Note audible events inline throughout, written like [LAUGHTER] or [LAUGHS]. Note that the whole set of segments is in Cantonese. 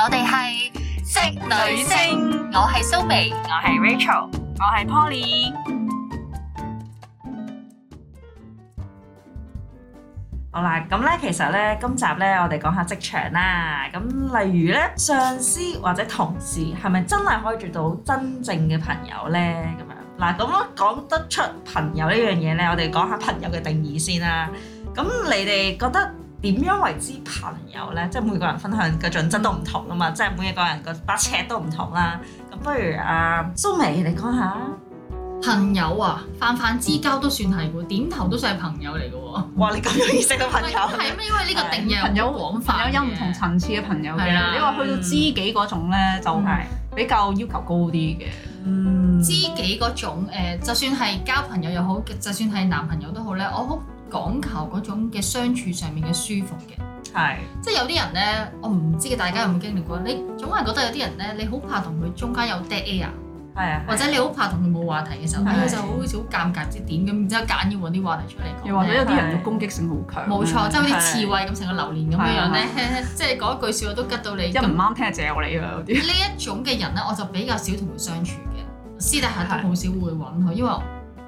我哋係職女聲，我係蘇眉，我係 Rachel，我係 Poly。好啦，咁咧其實咧今集咧我哋講下職場啦，咁例如咧上司或者同事係咪真係可以做到真正嘅朋友咧？咁樣嗱，咁講得出朋友呢樣嘢咧，我哋講下朋友嘅定義先啦。咁你哋覺得？點樣為之朋友咧？即係每個人分享嘅準則都唔同啊嘛，即係每一個人個把尺都唔同啦。咁不如阿、呃、蘇眉你講下朋友啊，泛泛之交都算係喎，點頭都算係朋友嚟嘅喎。哇，你咁容易識到朋友？唔係， [LAUGHS] 都因為呢個定義朋友廣泛，有唔同層次嘅朋友嘅。嗯、你話去到知己嗰種咧，就係、是、比較要求高啲嘅。嗯，嗯知己嗰種就算係交朋友又好，就算係男朋友都好咧，我好講求嗰種嘅相處上面嘅舒服嘅，係是，即係有啲人咧，我唔知嘅大家有冇經歷過？你總係覺得有啲人咧，你好怕同佢中間有 dead air，係啊是，或者你好怕同佢冇話題嘅時候，你、啊、就好似好尷尬，唔知點咁，然之後夾硬要揾啲話題出嚟講。又或者有啲人嘅攻擊性好強，冇、啊、錯，即係好似刺蝟咁成個榴蓮咁樣樣咧，是啊、是即係講一句笑話都吉到你，一唔啱聽借嚼你啊啲。呢一種嘅人咧，我就比較少同佢相處嘅，私底下都好少會揾佢，因為。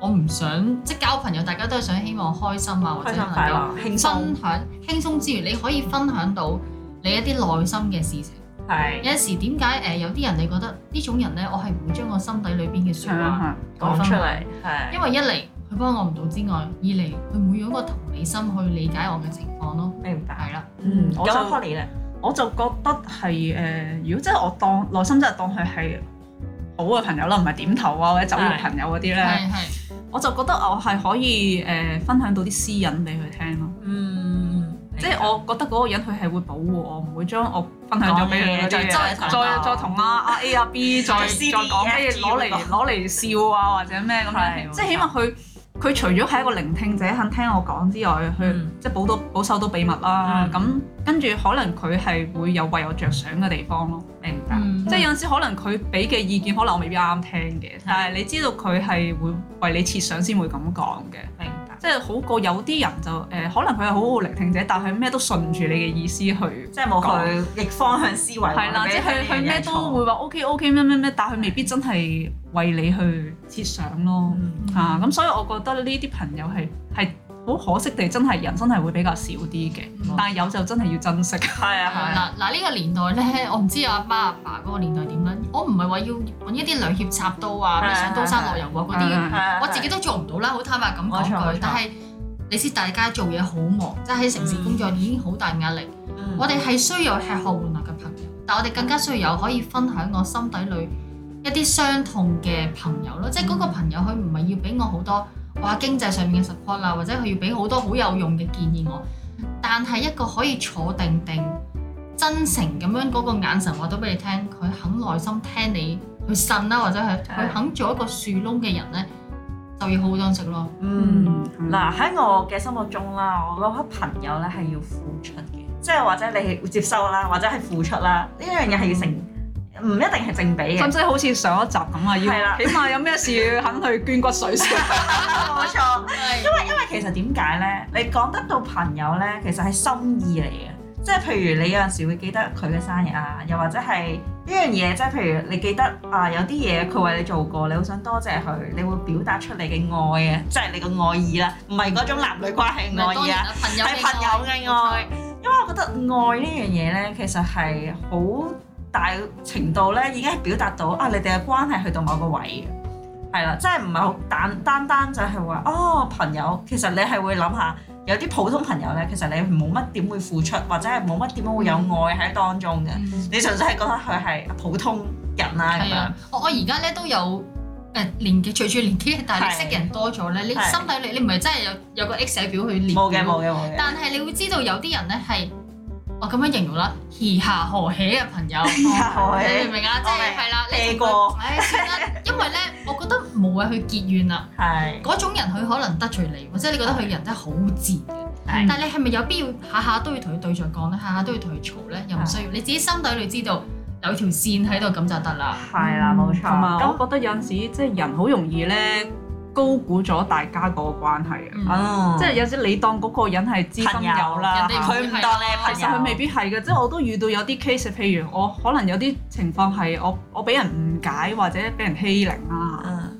我唔想即係交朋友，大家都係想希望開心啊，或者能夠分享輕鬆之餘，你可以分享到你一啲內心嘅事情。係，有陣時點解誒有啲人你覺得呢種人咧，我係唔會將我心底裏邊嘅説話講出嚟，係因為一嚟佢幫我唔到之外，二嚟佢唔會用一個同理心去理解我嘅情況咯。明白。係啦，嗯，我就覺得係誒，如果即係我當內心真係當佢係好嘅朋友啦，唔係點頭啊或者走路朋友嗰啲咧。係係。我就覺得我係可以誒分享到啲私隱俾佢聽咯，嗯，即係我覺得嗰個人佢係會保護我，唔會將我分享咗俾佢，再再同阿阿 A 啊 B 再再講啲嘢攞嚟攞嚟笑啊或者咩咁嚟，即係起碼佢。佢除咗係一個聆聽者肯聽我講之外，去即係保到保守到秘密啦。咁跟住可能佢係會有為我着想嘅地方咯。明白，嗯、即係有陣時可能佢俾嘅意見可能我未必啱聽嘅，但係你知道佢係會為你設想先會咁講嘅。嗯嗯。即係好過有啲人就誒，可能佢係好好聆聽者，但佢咩都順住你嘅意思去，即係冇去逆方向思維。係啦，即係佢咩都會話 OK OK 咩咩咩，但佢未必真係為你去設想咯嚇。咁所以我覺得呢啲朋友係係。好可惜地，真係人生係會比較少啲嘅，但係有就真係要珍惜。係啊係。嗱嗱，呢個年代咧，我唔知阿媽阿爸嗰個年代點樣，我唔係話要揾一啲兩肋插刀啊，咩上刀山落油鑊嗰啲，我自己都做唔到啦。好坦白咁講句，但係你知大家做嘢好忙，即係喺城市工作已經好大壓力，我哋係需要吃喝玩樂嘅朋友，但係我哋更加需要有可以分享我心底裏一啲傷痛嘅朋友咯。即係嗰個朋友，佢唔係要俾我好多。哇，經濟上面嘅 support 啦，或者佢要俾好多好有用嘅建議我，但係一個可以坐定定、真誠咁樣嗰個眼神話咗俾你聽，佢肯耐心聽你去信啦，或者係佢肯做一個樹窿嘅人呢，就要好好珍惜咯。嗯，嗱喺、嗯、我嘅心目中啦，我覺得朋友呢係要付出嘅，即係或者你係接收啦，或者係付出啦，呢樣嘢係要成。嗯唔一定係正比嘅，使唔使好似上一集咁啊？要，起碼有咩事要肯去捐骨髓先，冇 [LAUGHS] [LAUGHS] 錯。因為是因為其實點解咧？你講得到朋友咧，其實係心意嚟嘅，即係譬如你有陣時會記得佢嘅生日啊，又或者係呢樣嘢，即係譬如你記得啊，有啲嘢佢為你做過，你好想多謝佢，你會表達出、就是、你嘅愛啊，即係你嘅愛意啦，唔係嗰種男女關係愛意啊，係朋友嘅愛。愛 Okay. 因為我覺得愛呢樣嘢咧，其實係好大程度咧已經係表達到啊，你哋嘅關係去到某個位嘅，係啦，即係唔係好單單單就係話哦朋友，其實你係會諗下有啲普通朋友咧，其實你冇乜點會付出，或者係冇乜點樣會有愛喺當中嘅，嗯、你純粹係覺得佢係普通人啦、啊、咁、嗯、樣。啊、我我而家咧都有誒年紀，隨、呃、住年紀大，你識嘅人多咗咧，是嗯、你心底的你你唔係真係有有個 X 喺表去列嘅。冇嘅，但係你會知道有啲人咧係對。我咁樣形容啦，皮下何起嘅朋友， [LAUGHS] 你明唔明啊？ [LAUGHS] 即係係啦，你個誒算啦，因為咧，我覺得無謂去結怨啦。係嗰 [LAUGHS] 種人，佢可能得罪你，或者你覺得佢人真係好賤嘅。 [LAUGHS] 是的 但係你係咪有必要下下都要同佢對著講咧？下下都要同佢嘈咧？又唔需要的，你自己心底裏知道有條線喺度咁就得啦。係啦，冇錯、嗯。同埋我覺得有陣時即係人好容易咧。高估咗大家嗰個關係、嗯、啊！即係有時你當嗰個人係知心友啦，佢唔當你係朋友，朋友其實佢未必係嘅。即係我都遇到有啲 case，譬如我可能有啲情況係我我俾人誤解或者俾人欺凌啊，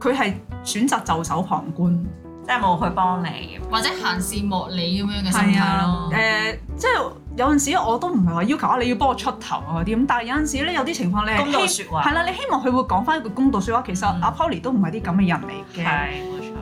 佢係、嗯、選擇袖手旁觀，嗯、即係冇去幫你，或者閒事莫理咁樣嘅心態咯。誒、啊嗯呃，即係。有陣時我都唔係話要求啊，你要幫我出頭啊嗰啲咁。但係有陣時咧，有啲情況咧，係啦，你希望佢會講翻一個公道説話。其實阿 Poly、嗯、都唔係啲咁嘅人嚟嘅，係冇錯。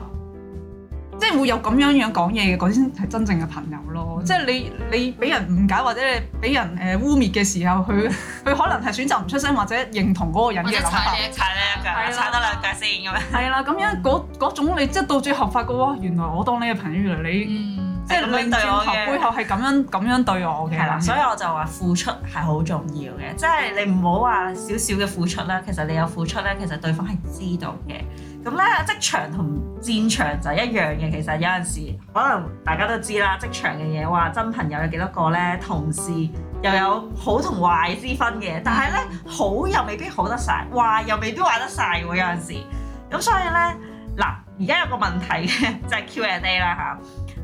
即係會有咁樣樣講嘢嘅，嗰啲先係真正嘅朋友咯。嗯、即係你你俾人誤解或者你俾人誒、呃、污蔑嘅時候，佢佢 [LAUGHS] 可能係選擇唔出聲或者認同嗰個人嘅諗法。踩你一踩你一腳，踩多兩腳先咁樣。係啦，咁樣嗰種你即係到最後發覺喎，原來我當你嘅朋友，原來你。嗯即係咁對我嘅背後係咁樣咁樣對我嘅，係啦，所以我就話付出係好重要嘅，即係你唔好話少少嘅付出啦，其實你有付出咧，其實對方係知道嘅。咁咧，職場同戰場就一樣嘅，其實有陣時可能大家都知啦，職場嘅嘢話真朋友有幾多個咧，同事又有好同壞之分嘅。但係咧好又未必好得晒，壞又未必壞得晒喎。有陣時咁，所以咧，嗱，而家有個問題嘅 [LAUGHS] 就係 Q&A 啦嚇。啊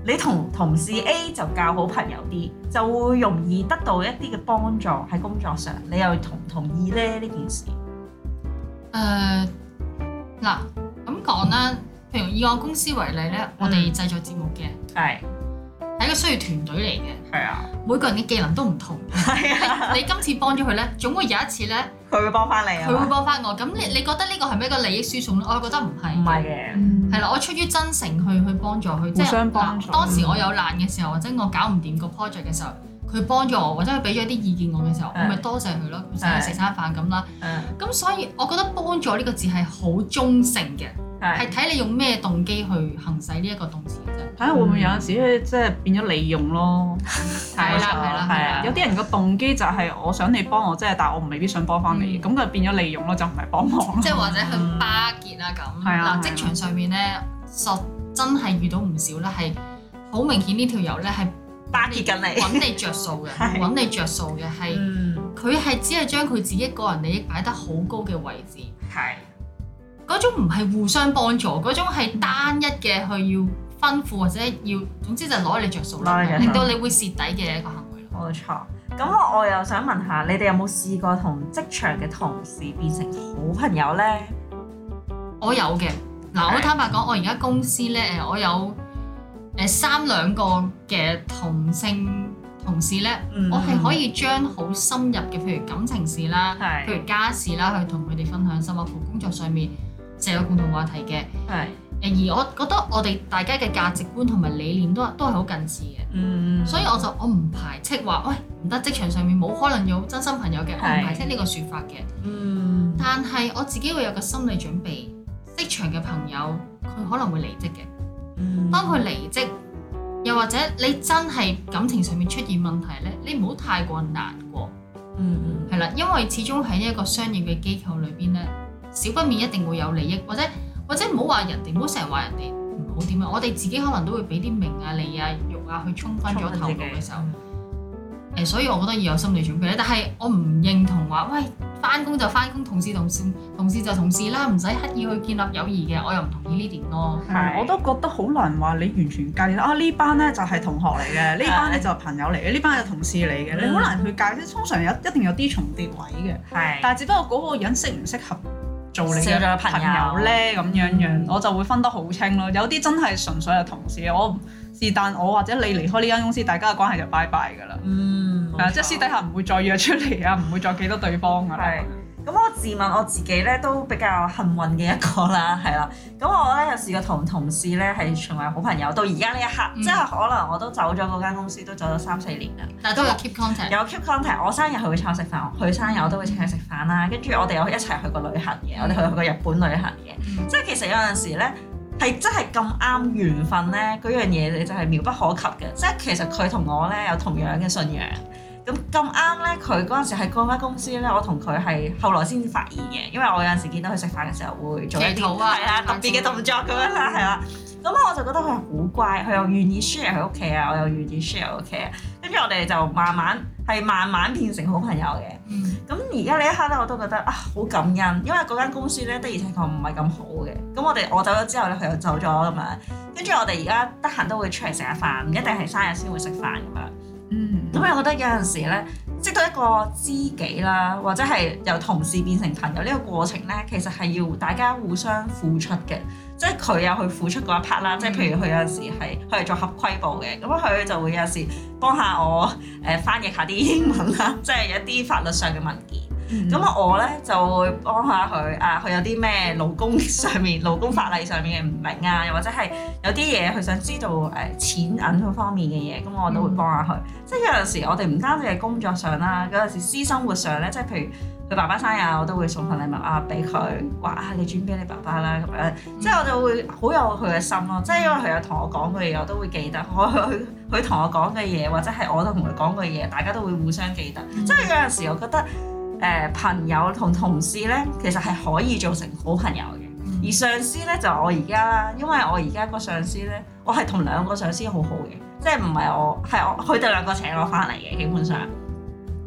你同同事 A 就較好朋友啲，就會容易得到一啲嘅幫助喺工作上。你又同唔同意咧呢件事？誒嗱咁講啦，譬如以我公司為例咧，嗯、我哋製作節目嘅。係。係一個需要團隊嚟嘅，係啊，每個人嘅技能都唔同，係啊。你今次幫咗佢咧，總會有一次咧，佢會幫翻你，佢會幫翻我。咁你你覺得呢個係咪一個利益輸送咧？我覺得唔係，唔係嘅，係啦，我出於真誠去去幫助佢，即係當時我有難嘅時候，或者我搞唔掂個 project 嘅時候，佢幫助我，或者佢俾咗啲意見我嘅時候，我咪多謝佢咯，食食餐飯咁啦。咁所以我覺得幫助呢個字係好中性嘅。係，睇你用咩動機去行使呢一個動詞啫。睇下會唔會有陣時即係變咗利用咯。係啦，係啦，係啦。有啲人嘅動機就係我想你幫我，即係，但係我唔未必想幫翻你嘅。咁佢變咗利用咯，就唔係幫忙。即係或者去巴結啊咁。係啊！職場上面咧，實真係遇到唔少咧，係好明顯呢條友咧係巴結緊你，揾你着數嘅，揾你着數嘅，係佢係只係將佢自己個人利益擺得好高嘅位置。係。嗰種唔係互相幫助，嗰種係單一嘅去要吩咐，或者要，總之就攞你著數，著數令到你會蝕底嘅一個行為。冇錯，咁我又想問下，嗯、你哋有冇試過同職場嘅同事變成好朋友呢？我有嘅，嗱我是坦白講，我而家公司呢，誒我有誒三兩個嘅同性同事呢。嗯、我係可以將好深入嘅，譬如感情事啦，是譬如家事啦，去同佢哋分享，甚至工作上面。成個共同話題嘅，係是，而我覺得我哋大家嘅價值觀同埋理念都都係好近似嘅，嗯，所以我就我唔排斥話，喂，唔得，職場上面冇可能有真心朋友嘅，是我唔排斥呢個說法嘅，嗯，但係我自己會有個心理準備，職場嘅朋友佢可能會離職嘅，嗯，當佢離職，又或者你真係感情上面出現問題呢，你唔好太過難過，嗯嗯，係啦，因為始終喺一個商業嘅機構裏邊呢。少不免一定會有利益，或者或者唔好話人哋，唔好成日話人哋唔好點樣。我哋自己可能都會俾啲名啊、利啊、慾啊去衝昏咗頭腦嘅時候，誒，所以我覺得要有心理準備。但係我唔認同話，喂，返工就返工，同事同事同事就同事啦，唔使刻意去建立友誼嘅。我又唔同意呢點咯。係我都覺得好難話你完全界定啊。呢班咧就係同學嚟嘅，呢 [LAUGHS] 班咧就係朋友嚟嘅，呢 [LAUGHS] 班係同事嚟嘅。你好難去界定，通常有一定有啲重疊位嘅，是但係只不過嗰個人適唔適合。做你嘅朋友咧，咁樣樣，嗯、我就會分得好清咯。有啲真係純粹係同事，我是但我或者你離開呢間公司，大家嘅關係就拜拜㗎啦。嗯，係啊，即係私底下唔會再約出嚟啊，唔 [LAUGHS] 會再記得對方㗎啦。 [LAUGHS] 咁我自問我自己咧都比較幸運嘅一個啦，係啦。咁我咧有試過同同事咧係成為好朋友，到而家呢一刻，嗯、即係可能我都走咗嗰間公司都走咗三四年啦。但係都 keep 有 keep contact，有 keep contact。我生日佢會請我食飯，佢生日我都會請佢食飯啦。跟住、嗯、我哋有一齊去過旅行嘅，我哋去過日本旅行嘅。嗯、即係其實有陣時咧，係真係咁啱緣分咧，嗰樣嘢你就係妙不可及嘅。即係其實佢同我咧有同樣嘅信仰。咁咁啱咧，佢嗰陣時喺嗰間公司咧，我同佢係後來先發現嘅，因為我有陣時見到佢食飯嘅時候會做一啲啊，啊特別嘅動作咁樣啦，係啦、啊，咁我就覺得佢好乖，佢又願意 share 佢屋企啊，我又願意 share 屋企啊，跟住我哋就慢慢係慢慢變成好朋友嘅。咁而家呢一刻咧，我都覺得啊好感恩，因為嗰間公司咧，的而且確唔係咁好嘅。咁我哋我走咗之後咧，佢又走咗咁樣，跟住我哋而家得閒都會出嚟食下飯，唔一定係生日先會食飯咁樣。咁又覺得有陣時咧，識到一個知己啦，或者係由同事變成朋友呢個過程咧，其實係要大家互相付出嘅，即係佢有去付出嗰一 part 啦，即係譬如佢有陣時係佢係做合規部嘅，咁佢就會有時幫下我誒翻譯下啲英文啦，即係一啲法律上嘅文件。咁、嗯、我咧就會幫下佢啊。佢有啲咩勞工上面、嗯、勞工法例上面嘅唔明啊，又或者係有啲嘢佢想知道誒、啊、錢銀嗰方面嘅嘢，咁我都會幫下佢。嗯、即係有陣時我哋唔單止係工作上啦，有陣時私生活上咧，即係譬如佢爸爸生日，我都會送份禮物啊俾佢，話啊、嗯、你轉俾你爸爸啦咁樣。嗯、即係我就會好有佢嘅心咯。即係、嗯、因為佢有同我講嘅嘢，我都會記得。我佢同我講嘅嘢，或者係我都同佢講嘅嘢，大家都會互相記得。即係有陣時我覺得。誒、呃、朋友同同事咧，其實係可以做成好朋友嘅。而上司咧就我而家啦，因為我而家個上司咧，我係同兩個上司好好嘅，即係唔係我係我佢哋兩個請我翻嚟嘅，基本上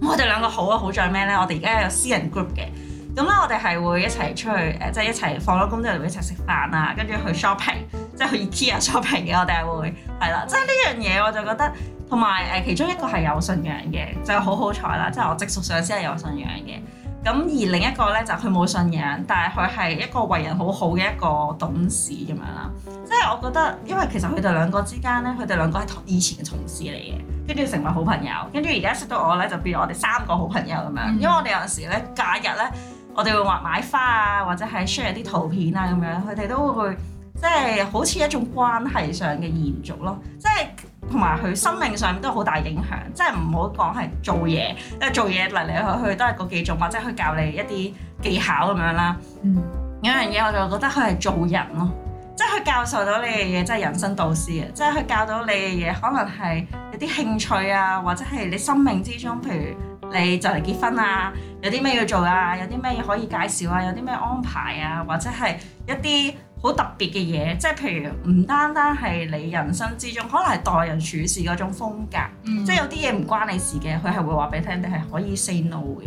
我哋兩個好啊，好在咩咧？我哋而家有私人 group 嘅，咁咧，我哋係會一齊出去誒，即係一齊放咗工之後一齊食飯啊，跟住去，shop ping，即去 shopping，即係去 Ikea shopping 嘅，我哋係會係啦，即係呢樣嘢我就覺得。同埋誒，其中一個係有信仰嘅，就好好彩啦！即係我直屬上司係有信仰嘅，咁而另一個呢，就佢冇信仰，但係佢係一個為人好好嘅一個董事咁樣啦。即係我覺得，因為其實佢哋兩個之間呢，佢哋兩個係以前嘅同事嚟嘅，跟住成為好朋友，跟住而家識到我呢，就變成我哋三個好朋友咁樣。嗯、因為我哋有陣時呢，假日呢，我哋會話買花啊，或者係 share 啲圖片啦咁樣，佢哋都會即係好似一種關係上嘅延續咯，即係。同埋佢生命上都好大影響，即係唔好講係做嘢，因為做嘢嚟嚟去去都係嗰幾種，或者佢教你一啲技巧咁樣啦。嗯，有一樣嘢我就覺得佢係做人咯，即係佢教授到你嘅嘢，即係人生導師啊，即係佢教到你嘅嘢，可能係有啲興趣啊，或者係你生命之中，譬如你就嚟結婚啊，有啲咩要做啊，有啲咩嘢可以介紹啊，有啲咩安排啊，或者係一啲。好特別嘅嘢，即係譬如唔單單係你人生之中，可能係待人處事嗰種風格，嗯、即係有啲嘢唔關你事嘅，佢係會話俾你聽，你係可以 say no 嘅，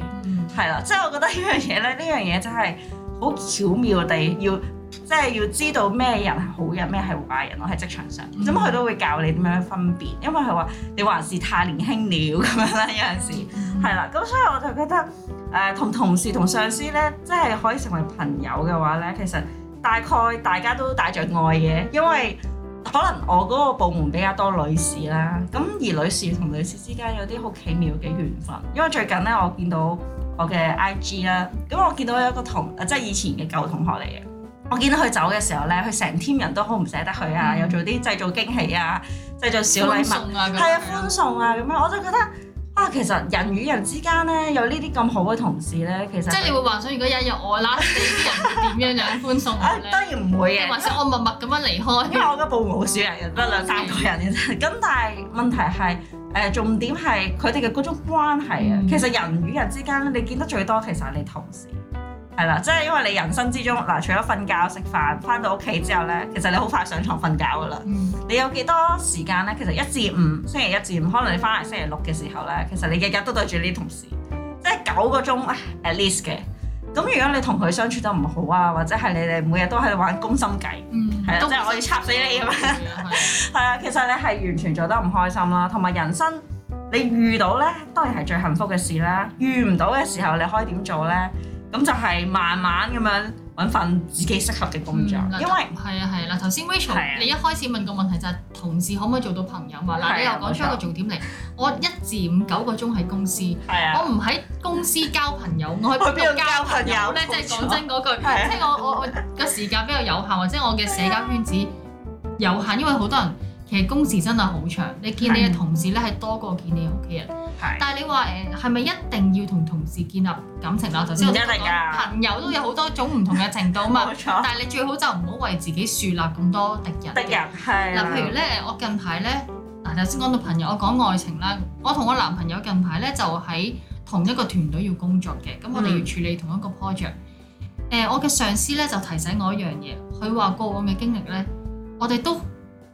係啦、嗯。即係我覺得呢樣嘢咧，呢樣嘢真係好巧妙地、嗯、要，即係要知道咩人係好人，咩係壞人咯。喺職場上，咁佢、嗯、都會教你點樣分別，因為佢話你還是太年輕了咁樣啦。 [LAUGHS] 有陣時係啦，咁所以我就覺得誒、呃，同同事同上司咧，即係可以成為朋友嘅話咧，其實。大概大家都帶着愛嘅，因為可能我嗰個部門比較多女士啦，咁而女士同女士之間有啲好奇妙嘅緣分。因為最近咧，我見到我嘅 IG 啦，咁我見到有一個同即係以前嘅舊同學嚟嘅，我見到佢走嘅時候咧，佢成 team 人都好唔捨得佢啊，嗯、有做啲製造驚喜啊，製造小禮物啊，係啊，歡、啊、是送啊咁樣，我就覺得。啊，其實人與人之間咧，有呢啲咁好嘅同事咧，其實即係你會幻想，如果一有一日我甩咗 [LAUGHS] 呢啲人，點樣樣歡送咧？當然唔會嘅。或者我默默咁樣離開。因為我嘅部門好少人嘅，得兩三個人嘅啫。咁 [LAUGHS] 但係問題係，誒、呃、重點係佢哋嘅嗰種關係啊。嗯、其實人與人之間，你見得最多其實係你同事。係啦，即係因為你人生之中嗱，除咗瞓覺、食飯、翻到屋企之後咧，其實你好快上床瞓覺噶啦。嗯、你有幾多時間咧？其實一至五，星期一至五，可能你翻嚟星期六嘅時候咧，其實你日日都對住呢啲同事，即係九個鐘 at least 嘅。咁如果你同佢相處得唔好啊，或者係你哋每日都喺度玩攻心計，係啊、嗯，即係的的我要插死你咁樣，係 [LAUGHS] 啊，其實你係完全做得唔開心啦。同埋人生你遇到咧，當然係最幸福嘅事啦。遇唔到嘅時候，你可以點做咧？咁就係慢慢咁樣揾份自己適合嘅工作，嗯、因為係啊係啦，頭先 Rachel 你一開始問個問題就係、係、同事可唔可以做到朋友嘛？嗱、啊，啊、你又講出一個重點嚟，我一至五九個鐘喺公司，係啊、我唔喺公司交朋友，我去邊度交朋友咧？友即係講真嗰句，即係係、啊、我我我個時間比較有限，或者我嘅社交圈子有限，因為好多人。其實工時真係好長，你見你嘅同事咧係多過見你屋企人。係。但係你話誒係咪一定要同同事建立感情啦？就即係朋友都有好多種唔同嘅程度嘛。冇錯。但係你最好就唔好為自己樹立咁多敵人。敵人係啦。嗱，譬如咧，我近排咧嗱，頭先講到朋友，我講愛情啦。我同我男朋友近排咧就喺同一個團隊要工作嘅，咁我哋要處理同一個 project。誒，我嘅上司咧就提醒我一樣嘢，佢話過往嘅經歷咧，我哋都。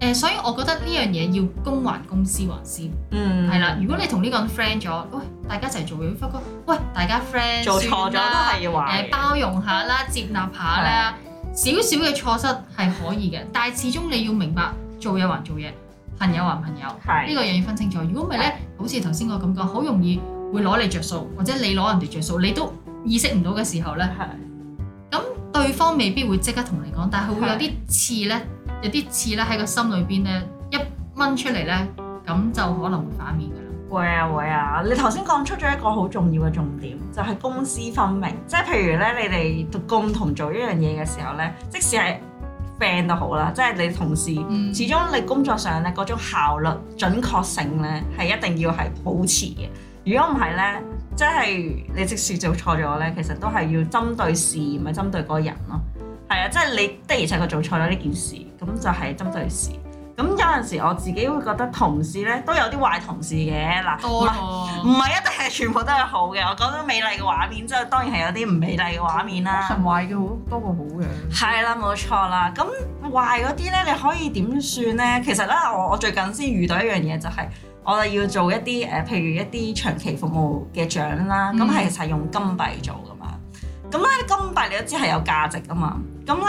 誒，所以我覺得呢樣嘢要公還公，私還私，係啦。如果你同呢個人 friend 咗，喂，大家一齊做嘢，不過，喂，大家 friend 做錯咗都係要還，誒，包容下啦，接納下啦，少少嘅錯失係可以嘅。但係始終你要明白，做嘢還做嘢，朋友還朋友，呢個樣要分清楚。如果唔係咧，好似頭先我咁講，好容易會攞你着數，或者你攞人哋着數，你都意識唔到嘅時候咧，咁對方未必會即刻同你講，但係會有啲刺咧。有啲刺咧，喺個心裏邊咧，一掹出嚟咧，咁就可能會反面噶啦。喂啊喂啊！你頭先講出咗一個好重要嘅重點，就係、是、公私分明。即係譬如咧，你哋共同，同做一樣嘢嘅時候咧，即使係 friend 都好啦，即係你同事，嗯、始終你工作上咧嗰種效率、準確性咧，係一定要係保持嘅。如果唔係咧，即係你即使做錯咗咧，其實都係要針對事，唔係針對個人咯。係啊，即係你，的而且確做錯咗呢件事，咁就係針對事。咁有陣時我自己會覺得同事咧都有啲壞同事嘅，嗱唔係一定係全部都係好嘅。我講咗美麗嘅畫面之後，當然係有啲唔美麗嘅畫面啦。壞嘅好多過好嘅。係啦，啊，冇錯啦。咁壞嗰啲咧，你可以點算咧？其實咧，我我最近先遇到一樣嘢，就係我哋要做一啲誒，譬如一啲長期服務嘅獎啦，咁係實用金幣做。咁咧，咁大你都知係有價值㗎嘛？咁咧，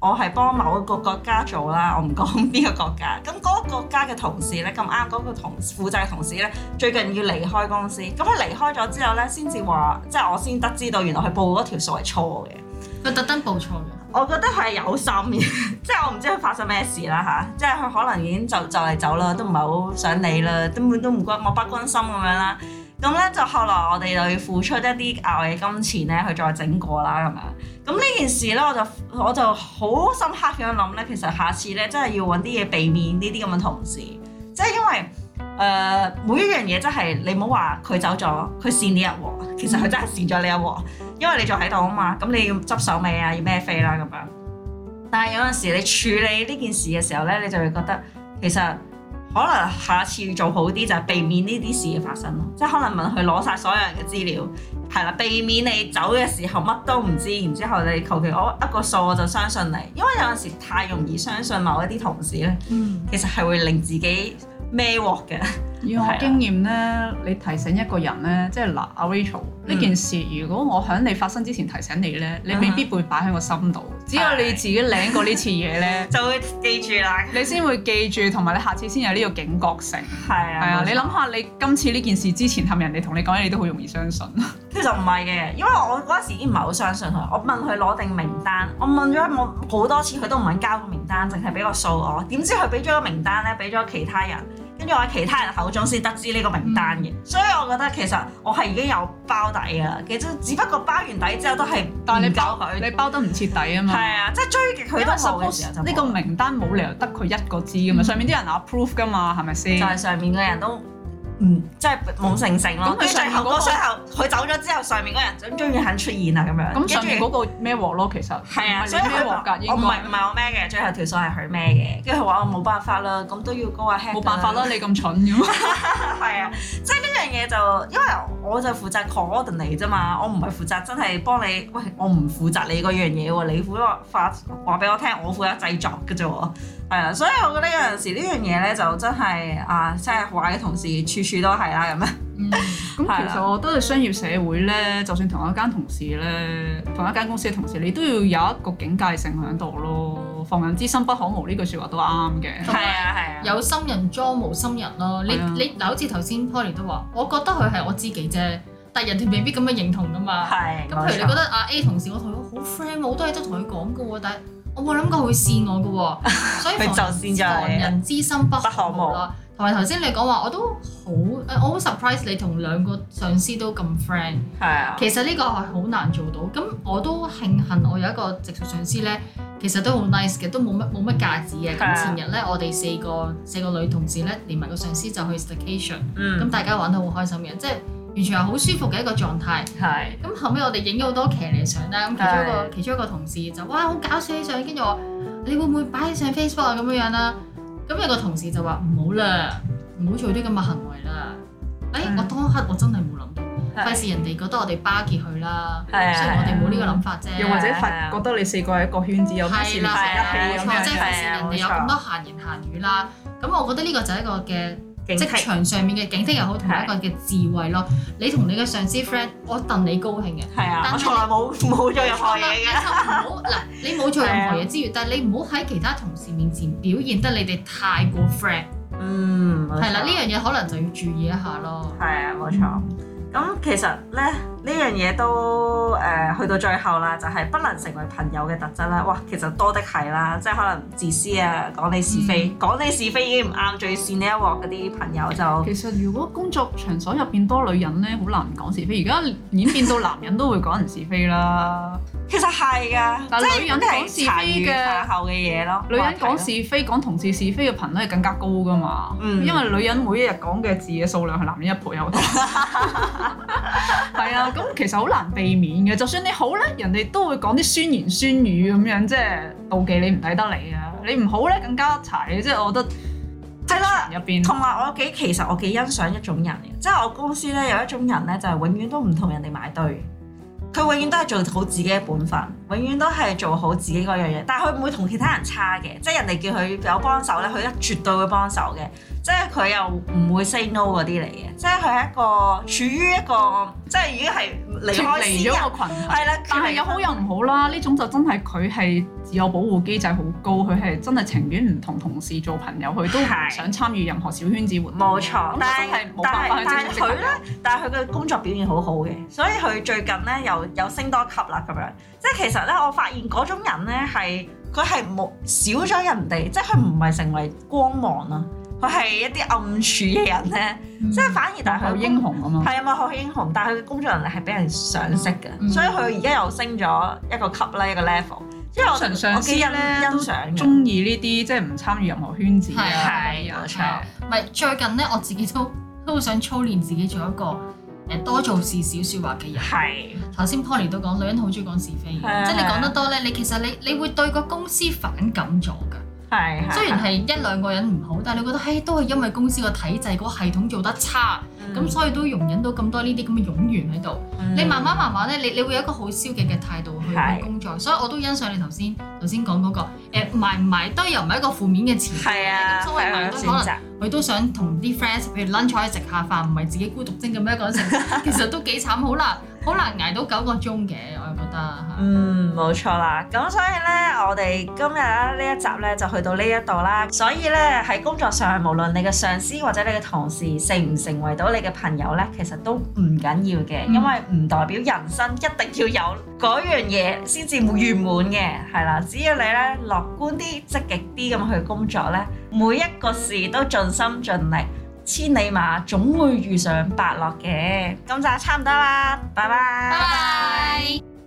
我係幫某一個國家做啦，我唔講邊個國家。咁、那、嗰個國家嘅同事咧，咁啱嗰個同負責嘅同事咧，最近要離開公司。咁佢離開咗之後咧，先至話，即、就、係、是、我先得知到原來佢報嗰條數係錯嘅。佢特登報錯嘅，我覺得佢係有心嘅。即 [LAUGHS] 係我唔知佢發生咩事啦吓？即係佢可能已經就就嚟走啦，都唔係好想理啦，根本都唔關我不關心咁樣啦。咁咧就後來我哋就要付出一啲額外嘅金錢咧，去再整過啦咁樣。咁呢件事咧，我就我就好深刻咁樣諗咧。其實下次咧，真係要揾啲嘢避免呢啲咁嘅同事。即係因為誒、呃、每一樣嘢、就是，真係你唔好話佢走咗，佢扇呢一鑊。其實佢真係扇咗呢一鑊，因為你仲喺度啊嘛。咁你要執手尾啊，要孭飛啦咁樣。但係有陣時你處理呢件事嘅時候咧，你就會覺得其實。可能下次要做好啲，就係避免呢啲事嘅發生咯。即係可能問佢攞晒所有人嘅資料，係啦，避免你走嘅時候乜都唔知。然之後你求其我一個數，我就相信你，因為有陣時太容易相信某一啲同事咧，嗯、其實係會令自己孭鑊嘅。以我經驗咧，你提醒一個人咧，即係嗱，阿、啊、Rachel 呢、嗯、件事，如果我喺你發生之前提醒你咧，你未必會擺喺我心度。Uh huh. 只有你自己領過次呢次嘢咧， [LAUGHS] 就會記住啦。你先會記住，同埋你下次先有呢個警覺性。係 [LAUGHS] 啊，係啊，錯你諗下，你今次呢件事之前，係咪人哋同你講嘢，你都好容易相信。其實唔係嘅，因為我嗰陣時已經唔係好相信佢。我問佢攞定名單，我問咗好多次，佢都唔肯交個名單，淨係俾個數我。點知佢俾咗個名單咧，俾咗其他人。跟住我喺其他人口中先得知呢個名單嘅，嗯、所以我覺得其實我係已經有包底嘅，其實只不過包完底之後都係，但你包佢，他他你包得唔徹底啊嘛，係 [LAUGHS] 啊，即係追極佢都冇呢個名單，冇理由得佢一個知㗎、嗯、嘛，是是上面啲人 approve 㗎嘛，係咪先？就係上面嘅人都、嗯。都嗯，即係冇成成咯。咁上面嗰個，最後佢走咗之後，上面嗰人就終於肯出現啊，咁樣。咁上邊嗰個咩鑊咯？其實。係啊。所以係我唔係唔係我咩嘅，最後條數係佢咩嘅。跟住佢話：我冇辦法啦，咁都要嗰個 h 冇辦法啦！你咁蠢咁。係啊，即係呢樣嘢就，因為我就負責 c o o r a t i n 啫嘛，我唔係負責真係幫你。喂，我唔負責你嗰樣嘢喎，你負責發話俾我聽，我負責製作嘅啫喎。係啊，所以我覺得有陣時呢樣嘢咧，就真係啊，即係壞嘅同事處處都係啦咁樣。咁、嗯、 [LAUGHS] 的其實我都係商業社會咧，就算同一間同事咧，同一間公司嘅同事，你都要有一個警戒性喺度咯。防人之心不可無，呢句説話都啱嘅。係啊係啊，有心人裝無心人咯。的你的你嗱，好似頭先 Polly 都話，我覺得佢係我自己啫，但係人哋未必咁樣認同㗎嘛。係的。咁譬如你覺得阿 A, 錯 A 同事，我同佢好 friend，我好多嘢都同佢講㗎喎，但係。我冇諗過佢會試我嘅，所以就防人之心不， [LAUGHS] 不可無啦。同埋頭先你講話，我都好誒，我好 surprise 你同兩個上司都咁 friend。係啊，其實呢個係好難做到。咁我都慶幸我有一個直屬上司咧，其實都好 nice 嘅，都冇乜冇乜架子嘅。咁前 [LAUGHS] 日咧，我哋四個四個女同事咧，連埋個上司就去 staycation，咁、 [LAUGHS] 嗯、大家玩得好開心嘅，即係。完全係好舒服嘅一個狀態。係。咁後尾我哋影咗好多騎呢相啦。咁其中一個其中一個同事就哇好搞笑嘅相，跟住我你會唔會擺上 Facebook 啊咁樣樣啦？咁有個同事就話唔好啦，唔好做啲咁嘅行為啦。哎，我當刻我真係冇諗到，費事人哋覺得我哋巴結佢啦。係啊，所以我哋冇呢個諗法啫。又或者覺得你四個係一個圈子，有咩羨一齊咁樣。即係費事人哋有咁多閒言閒語啦。咁我覺得呢個就係一個嘅。職場上面嘅警惕又好，同一個嘅智慧咯。啊、你同你嘅上司 friend，我戥你高興嘅，啊、但係我從來冇冇做任何嘢嘅。唔好嗱， [LAUGHS] 你冇做任何嘢之餘， [LAUGHS] 但係你唔好喺其他同事面前表現得你哋太過 friend。 [LAUGHS] 嗯，係啦，呢、啊、樣嘢可能就要注意一下咯。係啊，冇錯。咁其實咧，呢樣嘢都誒、呃、去到最後啦，就係、是、不能成為朋友嘅特質啦。哇，其實多的係啦，即係可能自私啊，講你是非，嗯、講你是非已經唔啱最線呢一鑊嗰啲朋友就。其實如果工作場所入邊多女人呢，好難講是非。而家演變到男人都會講人是非啦。 [LAUGHS] 其實係㗎，即係講是非嘅後嘅嘢咯。咯女人講是非、講同事是非嘅頻率係更加高㗎嘛。嗯、因為女人每一日講嘅字嘅數量係男人一倍有多。係啊，咁其實好難避免嘅。就算你好咧，人哋都會講啲酸言酸語咁樣，即係妒忌你唔抵得 [LAUGHS] 你啊。你唔好咧，更加一齊。即係我覺得係啦，入邊同埋我幾其實我幾欣賞一種人嘅，即係我公司咧有一種人咧，就係永遠都唔同人哋埋堆。佢永遠都係做好自己嘅本分，永遠都係做好自己嗰樣嘢。但係佢唔會同其他人差嘅，即係人哋叫佢有幫手咧，佢一絕對會幫手嘅。即係佢又唔會 say no 嗰啲嚟嘅，即係佢係一個處於一個即係已經係離開咗個群體，係啦的。但係有好有唔好啦，呢種就真係佢係自我保護機制好高，佢係真係情願唔同同事做朋友，佢都唔想參與任何小圈子活動。冇的錯，但係但係但係佢咧，但係佢嘅工作表現好好嘅，所以佢最近咧又又升多級啦咁樣。即係其實咧，我發現嗰種人咧係佢係冇少咗人哋，即係佢唔係成為光芒啦。佢係一啲暗處嘅人咧，即係反而但係佢英雄咁啊，係啊嘛，佢英雄，但係佢嘅工作能力係俾人賞識嘅，所以佢而家又升咗一個級啦，一個 level。因為我我幾欣賞，中意呢啲即係唔參與任何圈子嘅。係，冇錯。咪最近咧，我自己都都好想操練自己做一個誒多做事少説話嘅人。係。頭先 Polly 都講，女人好中意講是非，即係你講得多咧，你其實你你會對個公司反感咗㗎。係，雖然係一兩個人唔好，但係你覺得，誒、哎，都係因為公司個體制、個系統做得差，咁、嗯、所以都容忍到咁多呢啲咁嘅冗員喺度。嗯、你慢慢慢慢咧，你你會有一個好消極嘅態度去工作，是所以我都欣賞你頭先頭先講嗰個，誒、呃，埋唔埋都又唔係一個負面嘅詞，係啊，所謂埋堆可能佢都想同啲 friend 譬如 lunch 喺度食下飯，唔係自己孤獨症噉樣一個人食， [LAUGHS] 其實都幾慘，好難好難捱到九個鐘嘅。嗯，冇錯啦。咁所以呢，我哋今日呢一集呢，就去到呢一度啦。所以呢，喺工作上，無論你嘅上司或者你嘅同事成唔成為到你嘅朋友呢，其實都唔緊要嘅，嗯、因為唔代表人生一定要有嗰樣嘢先至會圓滿嘅，係啦。只要你呢，樂觀啲、積極啲咁去工作呢，每一個事都盡心盡力，千里馬總會遇上伯樂嘅。咁就差唔多啦，拜拜。拜拜。